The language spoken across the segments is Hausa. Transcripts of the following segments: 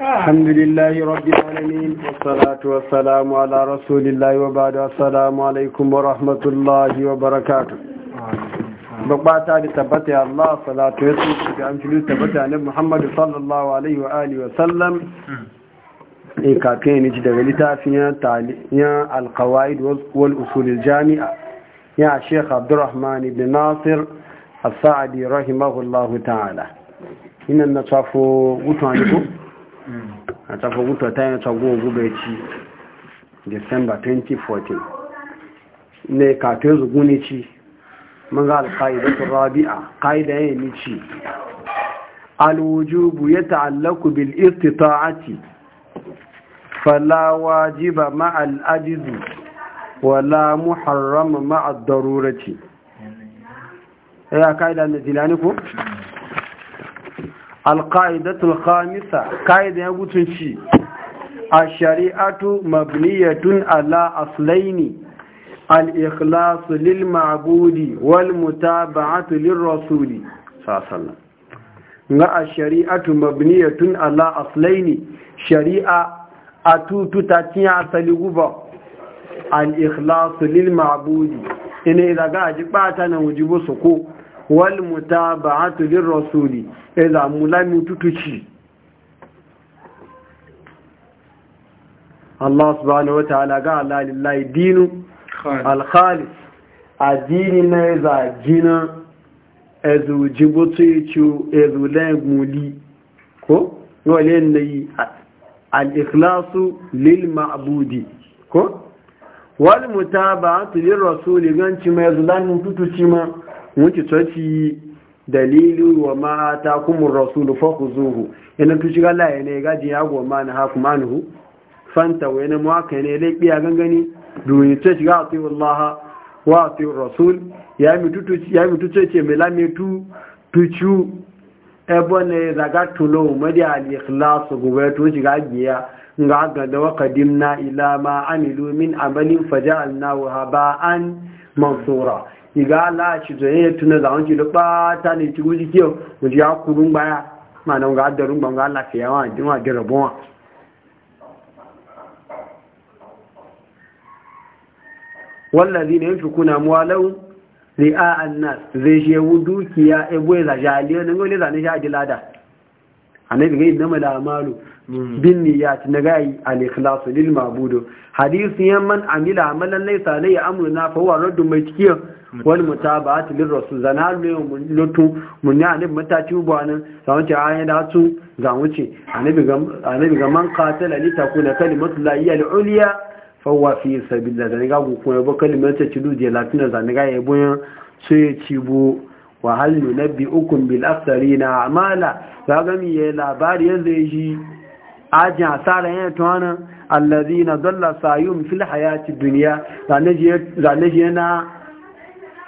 الحمد لله رب العالمين والصلاة والسلام على رسول الله وبعد السلام عليكم ورحمة الله وبركاته بقبات بقاتا لتبتع الله صلاة وسلم بأمثل تبتع نبي محمد صلى الله عليه وآله وسلم إن كاكين جدا غلتا فيها القواعد والأصول الجامعة يا شيخ عبد الرحمن بن ناصر الصعدي رحمه الله تعالى هنا نصف وطنكم a tafi gutu ta yi tsago ci december 2014 ne katon zuguni ci mun ga alƙa'idatun rabi'a ƙa'ida ya yi ci alwujubu ya ta'allaku bil irtita'ati fala wajiba ma'al ajizu wala muharrama ma'ad darurati ya ƙa'ida na jilani ko? alƙa'idatul khamisa ƙa'ida ya gutunci a shari'atu mabniyatun ala aslaini al'ikhlasu lil ma'budi wal mutaba'atu lil rasuli sasallam ga a shari'atu mabniyatun ala aslaini shari'a a tututa cin asali guba al'ikhlasu lil ma'budi ina idaga a ji ɓata na wujibu su ko ba a lir rasuli idza lami tutuci Allah subhanahu wa ta'ala ga Allah lillahi dinu al a dini na za jina ezu jibutu yichu ezu lenguli ko wale nayi al ikhlasu lil ma'budi ko wal mutaba'atu gan ganci mai zulanin tutuci ma wuce tsoci dalilu wa ma atakumur rasul fakhuzuhu ina tuci ga laye ne gaji ya goma na hakum anhu fanta wa ina muaka ne dai biya gangani duni tsoci ga ati wallaha wa ati rasul ya mi tutuci ya mi tutuci mai lame tu tucu ebo ne zaga tulo madi al ikhlas gobe tuci ga giya ga da waka dimna ila ma amilu min amalin ba haba'an mansura iga la ci zo yayin tuna da wanki da ta ne ci guji kiyo mu ji akurun baya mana ga darun ban ga lafiya wa din wa dirabon wallazina kuna amwalahum ri'a an-nas zai je dukiya ebo za jaliyo ne ngole za ne jadi lada annabi ga inna mal amalu Mm. bin niyyat na gayi al ikhlas lil ma'bud hadisi man amila amalan laysa alayhi amruna fa huwa raddu mai cikiya mm. wal mutaba'at lil rasul zanalu mun lutu mun ne annabi mataci ubanan sawon ce ayan da su ga wuce annabi ga annabi ga man qatala li takuna kalimatu la hiya al ulya fa huwa fi sabilillah da ga ku kuma ba kalimatu ci duje latina zanaga yabo sai ci bu wa hal nunabbi ukum bil aktharina a'mala ga gami ya labari yanzu yi ajin asarar yana tuwanin allazi na zalla sayun fil hayati duniya zane shi yana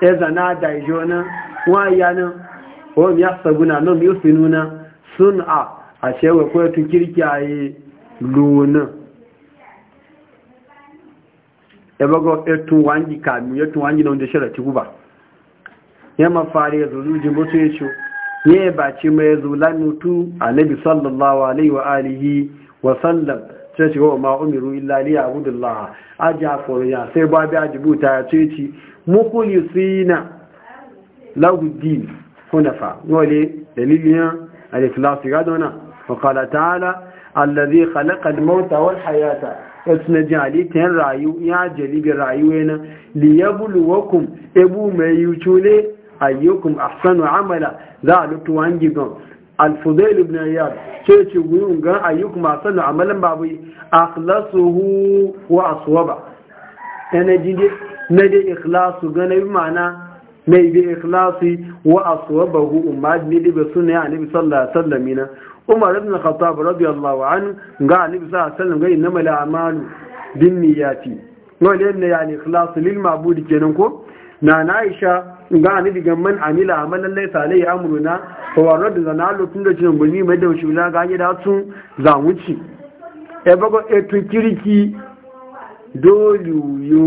ya zana da ijo nan waya nan wani ya sabuna nan yi su nuna sun a a shewa kuwa tun kirki a yi lunan ya e bago ya e tun wangi kamun ya e tun wangi na wanda shirar ci guba ya mafari ya zuru jimbo su ya ce ne ba ci mai zulan mutu annabi sallallahu alaihi wa alihi wa sallam ce ce wa ma'umiru illa li abudullah aji aforiya sai ba bi ajibuta ya ce ci mukulisina lagudin hunafa wale dalilin da ikhlas ga dona wa qala ta'ala allazi khalaqa mauta wal hayata yasna jalitan rayu ya jalibi rayuwena liyabluwakum ebu mai yuchule ayyukum ahsanu amala za a lutu wangi gan alfudel ibn ayyad ce ce guyun gan ayyukum ahsanu amalan babu akhlasuhu wa aswaba yana jide na dai ikhlasu gana bi ma'ana mai bi ikhlasi wa aswabahu umma ne da ba sunna ya nabi sallallahu alaihi wasallam ina umar ibn khattab radiyallahu anhu ga nabi sallallahu alaihi wasallam ga mala a'malu binniyati wala yana yani ikhlasu lil mabudi kenan ko na na aisha ga ni diga man amila amalan laisa alayhi amruna fa warad zanalu tun da cikin gumi mai da shula ga ni da tun za wuci e bago e tu kiriki dolu yo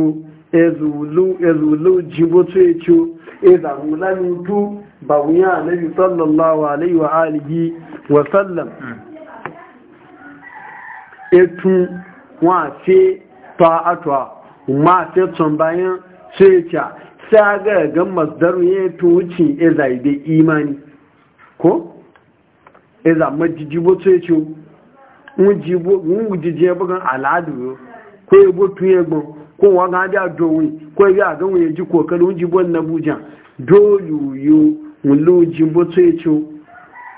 e ezulu ezulu jibotu echo e za mulani tu ba wuya annabi sallallahu alaihi wa alihi wa sallam e tu wa se ta atwa ma ce tun bayan sai ya sai ga gan masdaru ya tuci e da imani ko e za majijibo to ya ce wujije bugan aladu ko ya botu ya gbon ko wa ga da dowi ko ya ga wuye ji kokarin wujibo na buja dolu yo wulu jibo to ya ce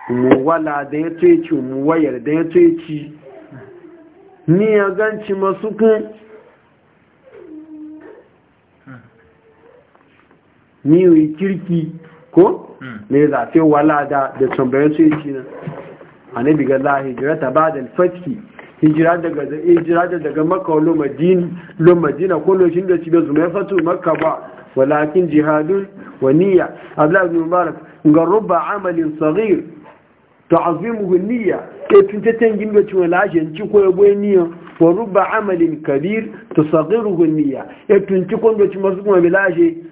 mu wala da ya to ya ce mu wayar da ya to ni ya ganci masu kun ni yi kirki ko ne hmm. zafe walada da sombrero ya ci nan a ne biga za a hijira ta ba da alfatki hijira daga hijira daga makawalo madina ko madina kullushin da cibiyar zuma ya fato makka ba walakin jihadun waniya abdullahi bin mubarak ga ruba amalin tsagir ta azimu waniya ke tun tattan gindo cin walashin ci ko yabo niyan wa ruba amalin kabir ta tsagir waniya ya tun ci kwanbacin masu kuma bilashe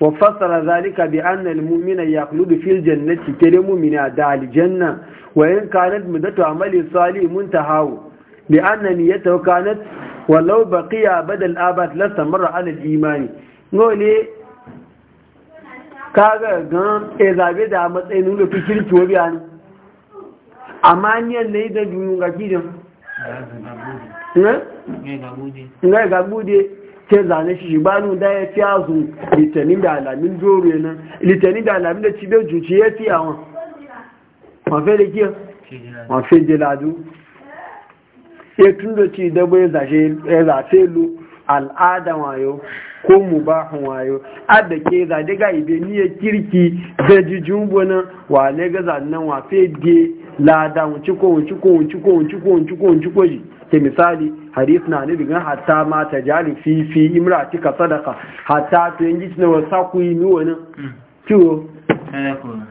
wa fassara zalika bi anna al-mu'mina yaqludu fil jannati kele mu'mina da al-janna wa in kanat mudatu amali salih muntahaw bi anna niyyatahu kanat walau baqiya badal abad la samara ala al-iman ngole kaga gan e zabe da matsayin da fikir tuwo biya ne amma ne da dunga kidan ne ke zane shi shi banu da ya ci azu litinin da alamin ya yana litinin da alamin da cibiyar juci ya fi awon mafi da ke mafi da ladu ya tun da ci dabo ya zafe lu al'ada wayo ko mu hun wayo adda ke zade ga ibe ni ya kirki da jijin bonan wa ne ga zannan wa fe de lada wuci ko wuci ko wuci ko wuci ko wuci ko wuci ko ji ke misali hadis na ne digan hatta ma ta jali fi fi imrati ka sadaka hatta to yin ji na saku yi ni wani hmm. kiwo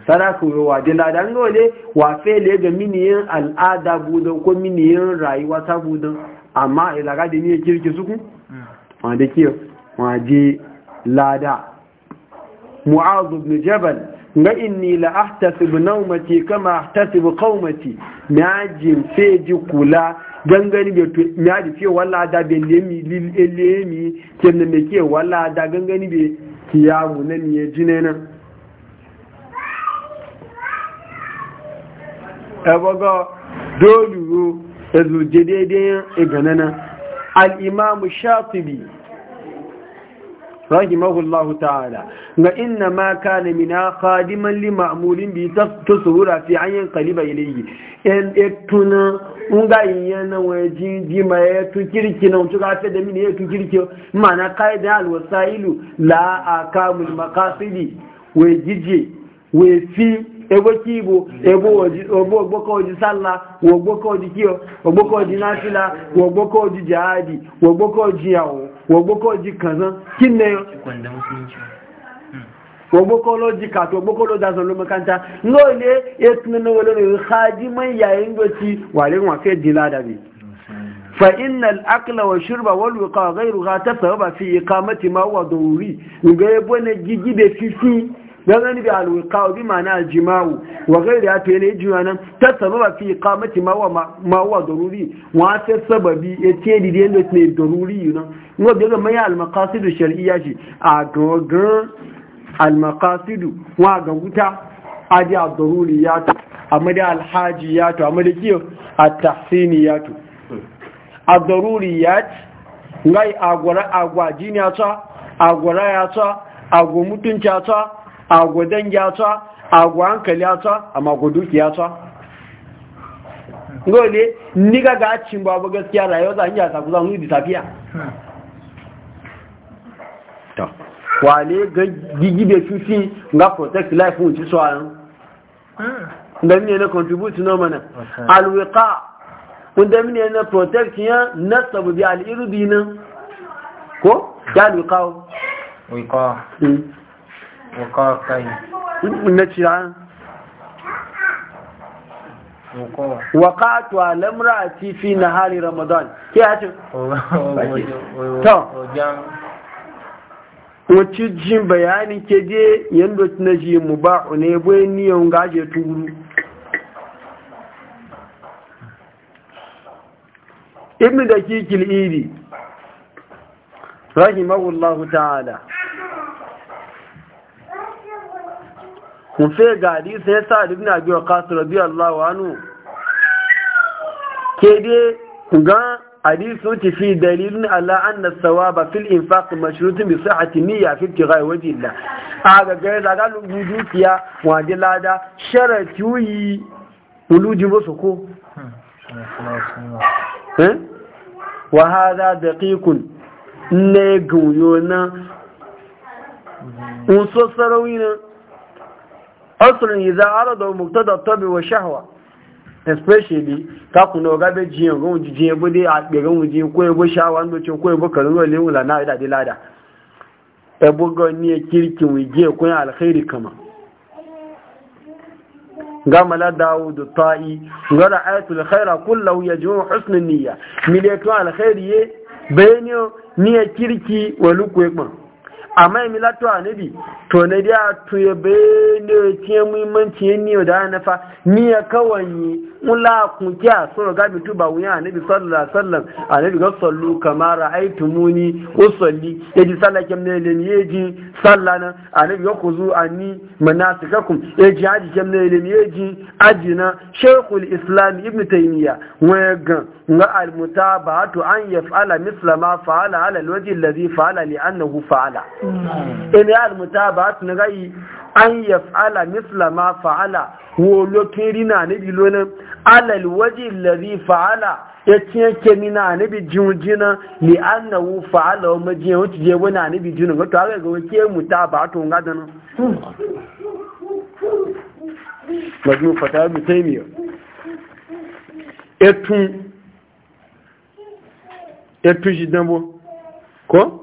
sadaka yo wa din lada ngole wa fele ga miniyin al'ada budan ko miniyin rayuwa ta budan amma ilaga da ni kirki suku hmm. wa da kiyo wa ji lada Mu'azu ibn jabal nga inni la ahtasibu naumati kama ahtasibu qaumati naji feji kula gangani be to naji fe wala da be nemi lil elemi kenne me ke wala da gangani be kiya na nan ye jinena abaga dolu ezu jedede e ganana al imam shatibi rahimahullahu ta'ala ga inna ma kana mina khadiman li ma'mulin bi tasura fi ayin qaliba ilayhi en etuna nga yana waji jima ya tu kirki na tuka ta da mini ya tu kirki mana qaida al wasailu la akamul maqasidi we fi, ebo kibo ebo oji obo ogboko oji salla wo ogboko oji kiyo ko oji nasila wo ko oji jihadi wo ko oji yawo wọ̀gbọ́kọ́ jí kànzán kí ní ẹyọ wọ̀gbọ́kọ́ ló jí kàtọ̀ wọ̀gbọ́kọ́ ló dáṣọ ló mẹ́kántá náà ilé ètùnú olórin ìhájí mọ́ gangani bi alwiqa'u bi ma'ana aljima'u wa ghayri ya tayna ijma'an tasarrufa fi iqamati ma huwa ma huwa daruri wa sai sababi yace di yanda ne daruri yuna ngo daga mai almaqasid shar'iyya shi a gogan almaqasid wa ga wuta adi ad-daruriyat amma da alhajiyat amma da kiyo at-tahsiniyat ad-daruriyat ngai agwara agwaji ne ya agwara ya ta agwo mutunci ya agwa dangi ya tsa agwa hankali ya tsa amma ku duki ya tsa dole ni ga gacin babu gaskiya rayuwa za a saku za mu yi tafiya to wale ga be fifi nga protect life mu ci tsayan da ne na contribute no mana alwiqa wanda ne na protect ya nasabu bi al-irdi ko ya alwiqa wiqa hmm. waƙatu a lamra a tifi na hali ramadan ke ya ce? to wacce jin bayani ke je yadda na ji mu ba ne bai niyan gaje turu ibn da kikil iri rahimahullahu ta'ala kun fe ga hadisi ya sa ibn abi waqas radiyallahu anhu ke dai ku ga hadisi ti fi dalilin ala anna sawaba fil infaq mashrut bi sihhati niyya fi ibtighai wajhi Allah aga ga da ga lugu dukiya wa ji lada sharati yi uluji musu ko eh? wa hadha daqiqun ne guyo na un so sarawina husrun idza arada mubtada tabi wa shahwa especially ka kuno ga be jiyan gon jiyan bude a be gon jiyan ko ebo shahwa ndo cin ko ebo kan ro le wala na ida e ebo gon ni kirkin je ko alkhairi kama ga mala daud ta'i ngara ayatul khaira kullu yajmu husn niyya miliyatu alkhairi ni niyya kirki ko e kuma amma mi lato nabi to na dia to ya be ne ce muhimmanci niyo da na fa ni ya kawanye mula kunki a so ga bitu ba wuya nabi sallallahu alaihi a nabi ga sallu kama ra'aytumuni usalli yaji sallakem ne le ji sallana anabi ku zu kakun ya ji haji kem ne le yaji ajina shekul islam ibn wani gan ga almuta ba mutaba'atu an yaf'ala misla ma fa'ala ala al wajhi alladhi fa'ala li annahu fa'ala in ya almuta ba su na gai an ya fa'ala misla ma fa'ala wolo kirina na lona alal waje lari fa'ala ya ciye kemi na na bi jinjina li an na wu fa'ala wa majiya wuce je wani na bi jinin wato haka ga wake muta ba to nga da nan majmu fata bi taimiya etun etun shi dambo ko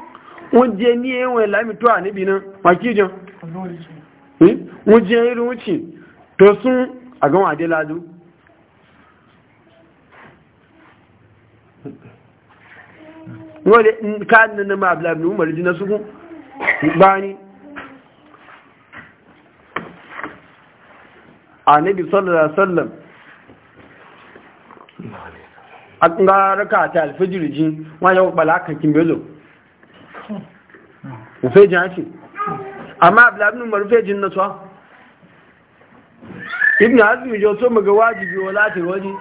wọ́n jẹ ní ẹwọ̀n ìlàmì tó à níbi náà wàkíjọ wọ́n jẹ irun wúchì tó sún àgọ́wọ̀n adéládú wọ́n lè káàdì náà máa bláàbì ní mọ̀lẹ́dí na sukún gbá ní àníbi sọ́lọ̀lá sọ́lọ̀m a raka àti alfajirji wọ́n yau rufe jin haki amma abdullabin umar rufe jin nasuwa ibn hazmi yau so maga wajibi wa lati waje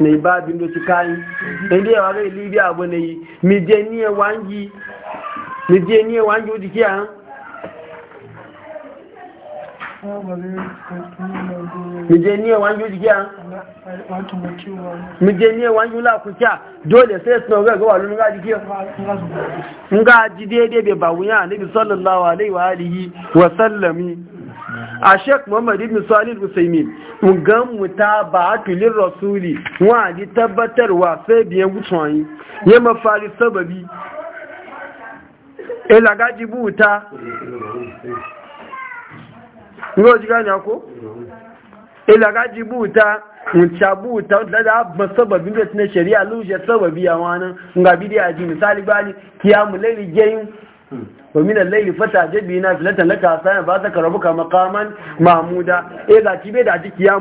na ibabin da ci kayi inda yawa ga libya abu na yi mijeniya wangi mijeniya wangi wujikiya mije niye wanju jikiya mije niye wanju la kukiya dole sai suna ga ga walun ga jikiya nga ji daidai bai ba wuya nabi sallallahu alaihi wa alihi wa sallami a sheik muhammad ibn salih usaimin ngan muta ba atulin rasuli wa di tabbatarwa sai biyan yi. ya mafari sababi ilagaji buta yóò jí gani ako ilaga ji buta wuce buta da da abin sababin da tunan shari'a lushe sababi a wani ga bidiyar ji misali bani kiyamu laili jayin ومن الليل فتعجب بنا a لك عصايا فاتك ربك مقاما محمودا إذا كبير عجيك يا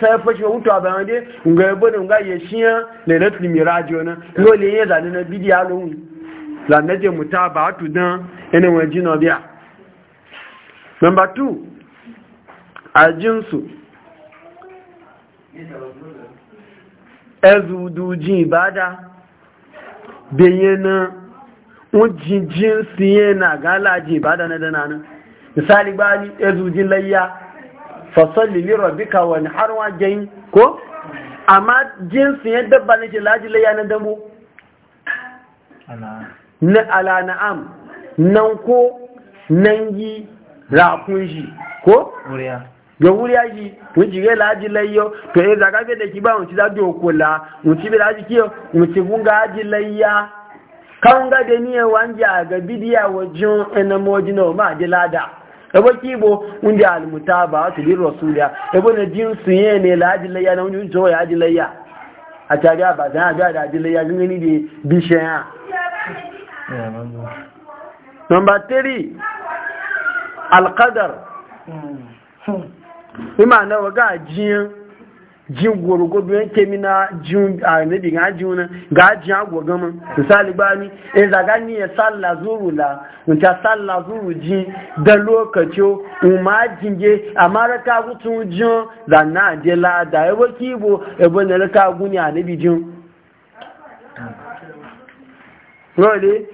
ta ya fashe mutu a bayan dai, nga ya bude nga na lànẹ́jẹ̀ mùta bà á tùdán ẹni wọn jí náà bí à. number two àjíǹsù ẹzùdùjì ìbádá bèyẹ náà wọ́n jíjí sí yẹn náà gáàlájì ìbádá nẹ́dẹ́nà náà misali gbá lẹ́yà fasalli li rabbika wa har wa ko amma jinsin yadda ba laji na na ala na'am nan ko nan yi rakun shi ko? wuriya ya wuriya shi wuci ga laji layyo to yi eh, zaga bai da ki ba wuci zaɗi okula wuci bai laji kiyo wuci gunga haji layya kan ga da niyan wanji a ga bidiya wajen enamoji na ma ji lada ebo kibo wundi almuta ba wata bin rasuliya ebo na jinsu yi ne laji layya na wundi wuce wa ya ji layya a tare ba zan a ga da ji layya zan gani da bishiyan Number three, alƙadar. Hmm. Ima na waga jiyan jin gwargwado kemi na jin a nabi ga ji wani ga ji agwa gama misali ba ni in e zaga ni ya salla zuru la nta salla zuru ji da lokaci umma jinge amara ka gutun jin da na je la da yawa e kibo ebo na ka guni a nabi jin wani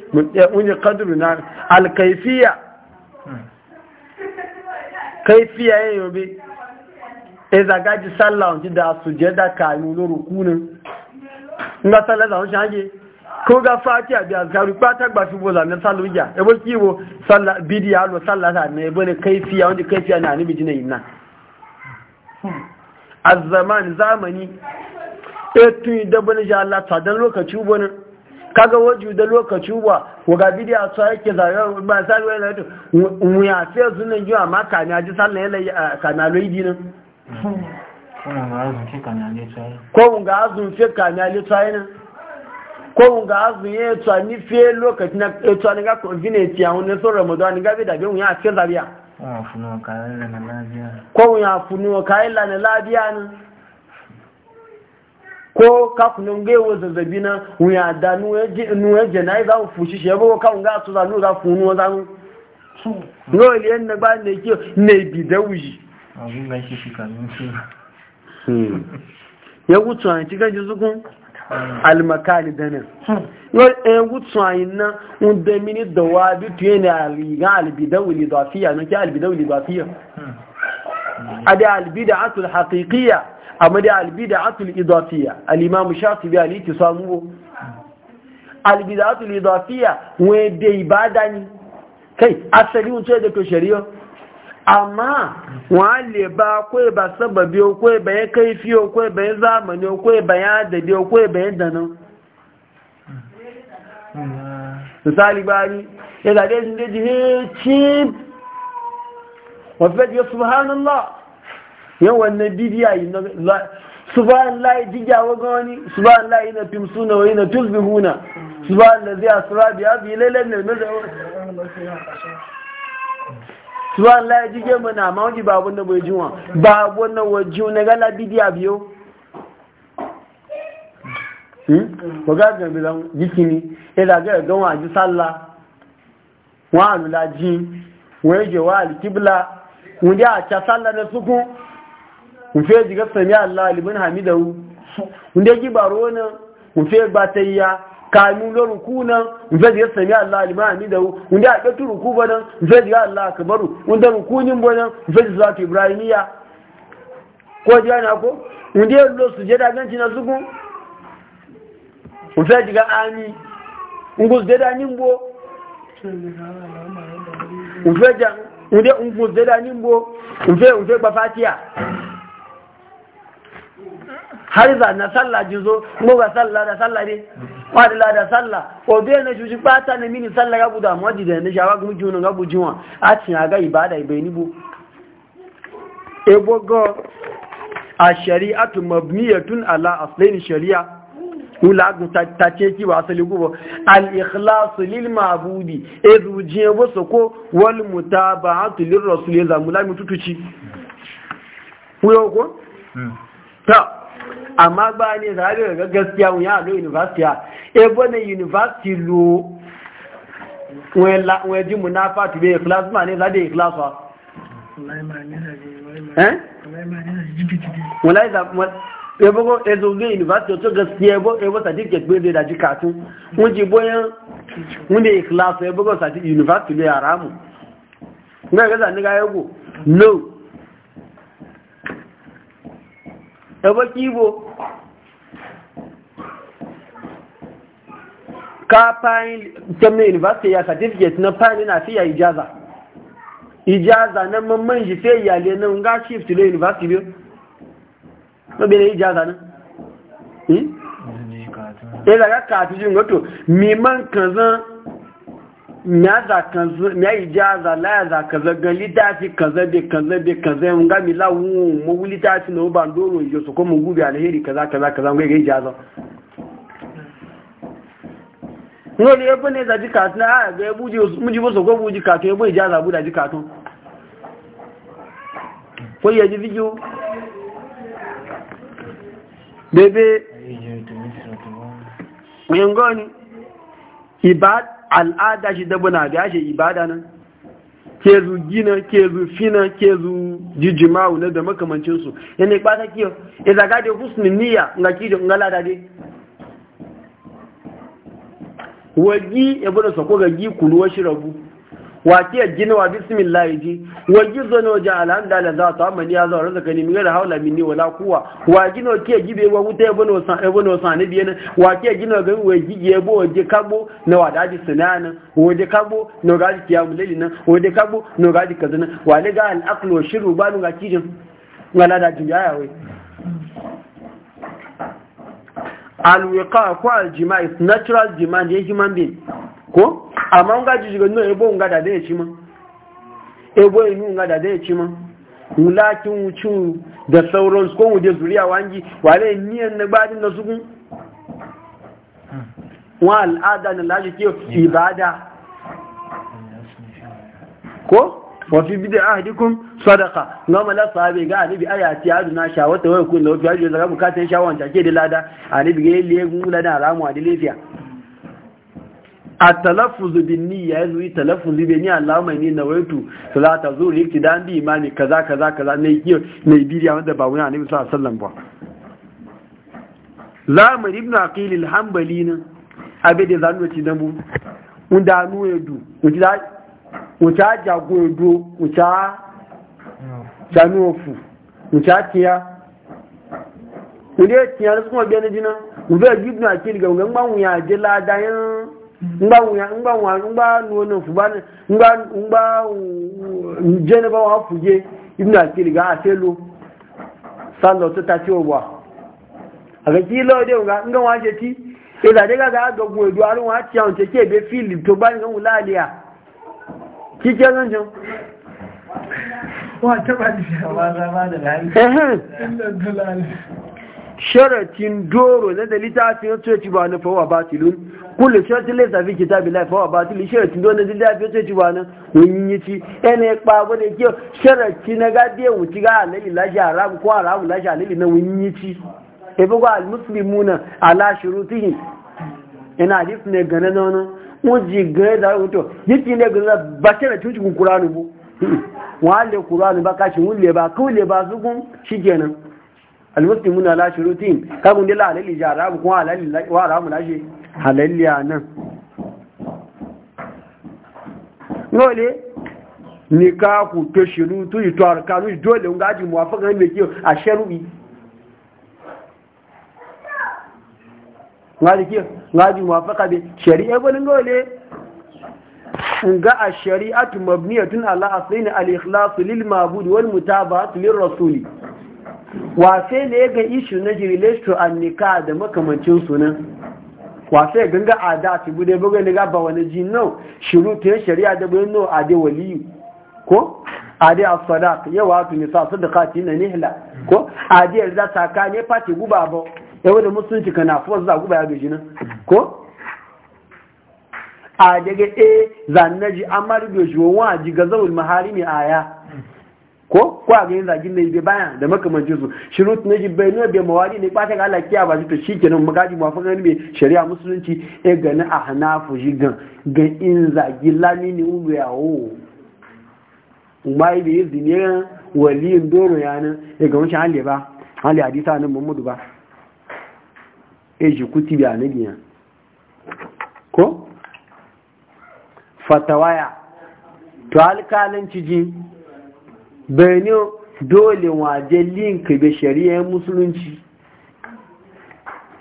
wani kaduru na alkaifiya kaifiya yin yobe e zagaji sallah wanci da su je da kayu lóru kunin nga sallah zaun shi hage ko ga Fati a bi azkaru pata gba fi bola na sallu ja e bo kiwo sallah bidiya lo sallah ta na e bo ne kaifiya wanda kaifiya na ni bijina yin nan azzaman zamani e tun da bani ja Allah ta dan lokaci bonin kaga waju da lokaci wa waga bidiya su yake zayo ba sai wai da to mu ya fi sunan jiwa ma ka ne aji sallan yana ka na loidi nan ko mun ga azun fi ka ne ali tsaye nan ko mun ga azun ye tsa ni fi lokaci na tsa ni ga convenient ya hun ne so ramadan ga bi da bi mun ya fi zariya ko mun ya funu ka illa na labiya ne ko kafunin gaiwa zazzabi na wuya da nuwa jana'i za mu fushi shi yabo kawun ga su zanu za fu nuwa zanu nuwa liyan na ba ne ke ne bi da wuji hmm. ya wuce a cikin jizukun almakali da nan, hmm. ya e wuce a yi na unda mini da wa bitu yana aligan albidawuli zafiya na ke albidawuli zafiya a hmm. da albida asul haƙiƙiya amma da albida'atul idafiyya al-imam shafi'i al-ittisamu albida'atul idafiyya wai da ibada ni kai asali wuce da to shari'a amma wọ́n ba bá kó ìbá sábàbí o kó ìbá yẹn kaifi o kó ìbá yẹn zamani o kó ìbá yẹn adadi o kó ìbá yẹn dana misali gbari ya zaɗe sun deji he cin wasu fẹ́ ti subhanallah yan wannan bidiya yi na subhanallah jija wa gani subhanallah ina timsuna wa ina tuzbihuna subhanallah zai asra bi abi lailan ne na zai wani su subhanallah ya jige mana ma wani babu na bai jiwa babu na wajiyo na gala bidiya biyo ko hmm? ga ga bi lan jikini ila e ga ga wa ji sallah wa alulaji wa je wa alqibla wanda a ta sallah na sukun ji jiga sami Allah liman hamidahu inda ki baro na nfe ba ya kamin lo rukuna ji jiga sami Allah liman hamidahu inda a katu ruku bana nfe jiga Allah akbaru inda rukunin bana nfe jiga zatu ibrahimiya ko ji na ko inda lo da ganci na zugu nfe jiga ami ngu sujada nimbo nfe ja nde ngu sujada nimbo ufe ufe ba fatia har za na sallah ji zo ko ga sallah da sallah ne wadala da sallah ko dai na juji bata na mini sallah ga guda mu da ne shawa gumu junu ga bujuwa a a ga ibada ibe ni bu go a shari'atu mabniyatun ala aslain shari'a ula gun ta ce ki wa asali gubo al ikhlas lil mabudi ezujiye bo soko wal mutaba'atu lir rasul ya zamula mututuci ko hmm. ta amma ba ne za a gaskiya wuya a lo university e bane university lo wọn ji munafa ti be class ma ne za class wa wọ́n láì zàmọ́ ẹgbogbo university ọ̀tọ́ gaskiya ẹgbọ́ certificate gbé ìdájí kàtún wọ́n jí bóyán wọ́n dé class ẹgbogbo university lè àrámù ní ẹgbẹ́sà nígbà ẹgbò no ẹgbẹ́ kí bo, ka fayin jami'in university ya certificate na fayin na fiya ijaza ijaza na mamman ji fiye yale na nga to na university biyu na bene ijaza na hmm? eh daga katijin wato miman kan zan ya yi jaza laya kaza gan littafi kaza be kaza be kaza yin gami lawun mawu littafi na uban doro yi su kuma gube alheri kaza kaza kaza ga aza jaza wani ebe ne za jika na a ga ebu ji muji boso ko buji kato ebe ijaza buda jika to ko yi yaji video bebe yin gani ibad al'ada shi dabu na gashi, shi ibada nan ke zu gina ke zu fina ke zu jijima'u na da makamancinsu yana ba ta kiyo ya zaga da husnin niyya na kijo in galada dai wagi ya bude sako ga gi kuluwa shi rabu wake ya jini wa bismillah ji wa gizo no ja alhamda la za ta amani ya zo rasa gani mi gara haula minni wala kuwa wa gino ke gibe wa wuta ebo no san ebo no san ne biyen wa ke gino ga wa gige ebo wa je kabo na wa daji sinanin wa je kabo na gaji ji ya mulili na wa je kabo na gaji ji kazana wa le ga al'aklo shiru ba nuna kijin wala da jin ya wai al wiqa ko al natural demand ya human being ko amma nga jijiga no ebo nga da dai cima ebo inu nga da dai cima wulakin wucu da sauran ko wuje zuriya wangi wale niyan na badin na sugun wa al'ada na laji ke ibada ko wa fi bid'a ahdikum sadaqa ngama la sahabe ga alibi aya ti aduna shawata wa kun da fi hajjo zaka bukatan shawan take da lada ramu a talaffuzu bin niyya ya yi talaffuzu bin niyya Allah mai ne na waitu salata zuri yake da bi imani kaza kaza kaza ne kiyo ne bidiya wanda ba wani annabi sallallahu alaihi wasallam ba lamar ibn aqil al alhambali ne abe da zanu ci dambu unda nu edu uta uta jago edu uta janu ofu uta tiya ude tiya su kuma na jina ube ibn aqil ga ngan ya je ladayin ngba na fubani ngba jeneba wa fuge ibn akili ga aselu sanda to ta ciwo ba a ga kilo de nga nga wa je ti e da de ga ga ga gwo edu arun wa ti an te ke be feel to ba nga wula alia ki ke nan jo wa ta ba ni ba ba da lai sharatin doro na da littafin ya tsoci ba na fawa batilun kullum sharatin laisa fi kita bi lai fawa batilun sharatin doro na da littafin ya ba na wunyi ci yana ya kpago da kyau sharati na gadiya wuci ga alali lashi haramu ko haramu lashi alali na wunyi ci ebe ko ga almuslimu na ala shurutihi Ina hadis ne gane na wani wuji gane da wuto yake ne gane ba sharatin cikin kuranu bu wale kuranu ba kashin wule ba kawule ba zugun shi kenan almuslimuna la shurutin ka gun dila halali jarabu kuma halali wa haramu na shi halali nan ka ku to shurutu ito arkanu dole un gaji muwafaqa ne kiyo a nga ngaji mu ngaji muwafaqa bi shari'a n'o dole Nga a shari'atu mabniyatun ala aslin al-ikhlas lil ma'bud wal mutaba'at lir rasuli wafe ne ga ishu na jirilesto an nika da makamancin sunan wafe ganga a da su bude bugai ne ba wani ji shiru ta yi shari'a da bayan no a dai waliyu ko a dai as-sadaq yawa tu nisa sadaqati na nihla ko a dai yarda saka ne fati guba ba wani da musulunci kana fuwa za guba ya gaji nan ko a daga e eh, zannaji shi wani wa ji gazawul maharimi aya ko ko a ga yin zagin ne baya da makamancin su shirut na jibbai ne bai mawali ne kwata ga Allah kiya ba to shikenan magaji mu fagan me shari'a musulunci e gani a hanafu jigan ga in zagi lani ne u ya o umai bi ziniya ndoro ya yana e ga wancan halle ba halle hadisa nan Muhammadu ba e ji kuti bi ya ko fatawaya to alkalanci ji benin dole waje link da shari'ar musulunci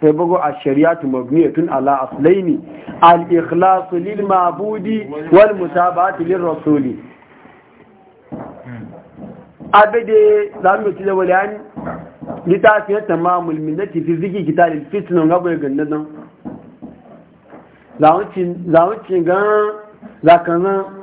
sai bago a shari'atu tun ala asulai al al'ikhlasu lil ma'budi wal mutaba'ati lil rasuli abede zamu ci da waliyan litafiyar tamamul minnati fi ziki kitalil fitna ga boye ganda nan zawuci zawuci ga zakanan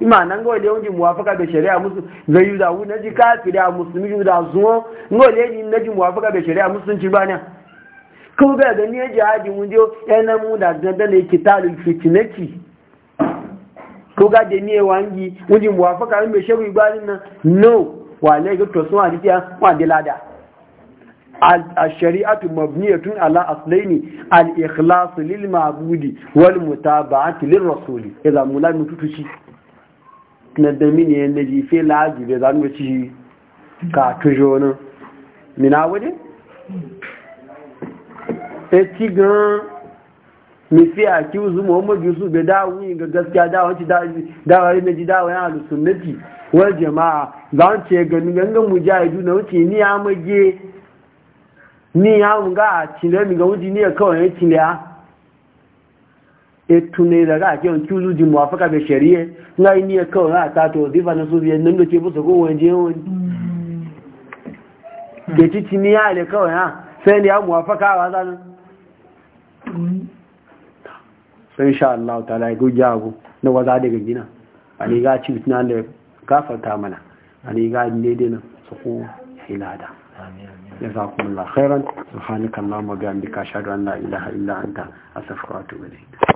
ima nan ga wale wajen muwafaka da shari'a musu ga yuda wu na ji kafiri a musulmi yuda zuwa ngole ni na ji muwafaka da shari'a musulunci ba ne kuma ga gani ya jihadi mun je yana mu da dandan da talin fitinaki ga da ne wangi muwafaka shari'a ba nan no ga to sun wa الشريعة مبنية على أصلين الإخلاص للمعبود والمتابعة للرسول إذا na damini na ji fe laji da za mu ci ka tujo nan mina waje e ci gan mi fi a ki uzu muhammad yusuf da dawo yin ga gaskiya dawo ci dawo na ji dawo yan alu sunnati wal jama'a za mu ce ganin gangan mujahidu na wuce ni ya mage ni ya mu ga a cinye mi ga wuce ni ya kawai ya cinye etu ne da za a kewan kyuzu ji muwafaka da shari'a e. na yi niyyar e kawai za a tato zifa na su biyan e, nan da ke busa kowa je wani mm. ke ci ci niya ne kawai ha sai ne ya muwafaka a wazan mm. sai insha Allah ta la go abu na waza daga gina a ne ga ci fitina da gafarta mana a ne ga ne dai nan su ko hilada jazakumullahu khairan subhanakallahumma wa bihamdika ashhadu an la ilaha illa anta astaghfiruka wa atubu ilayk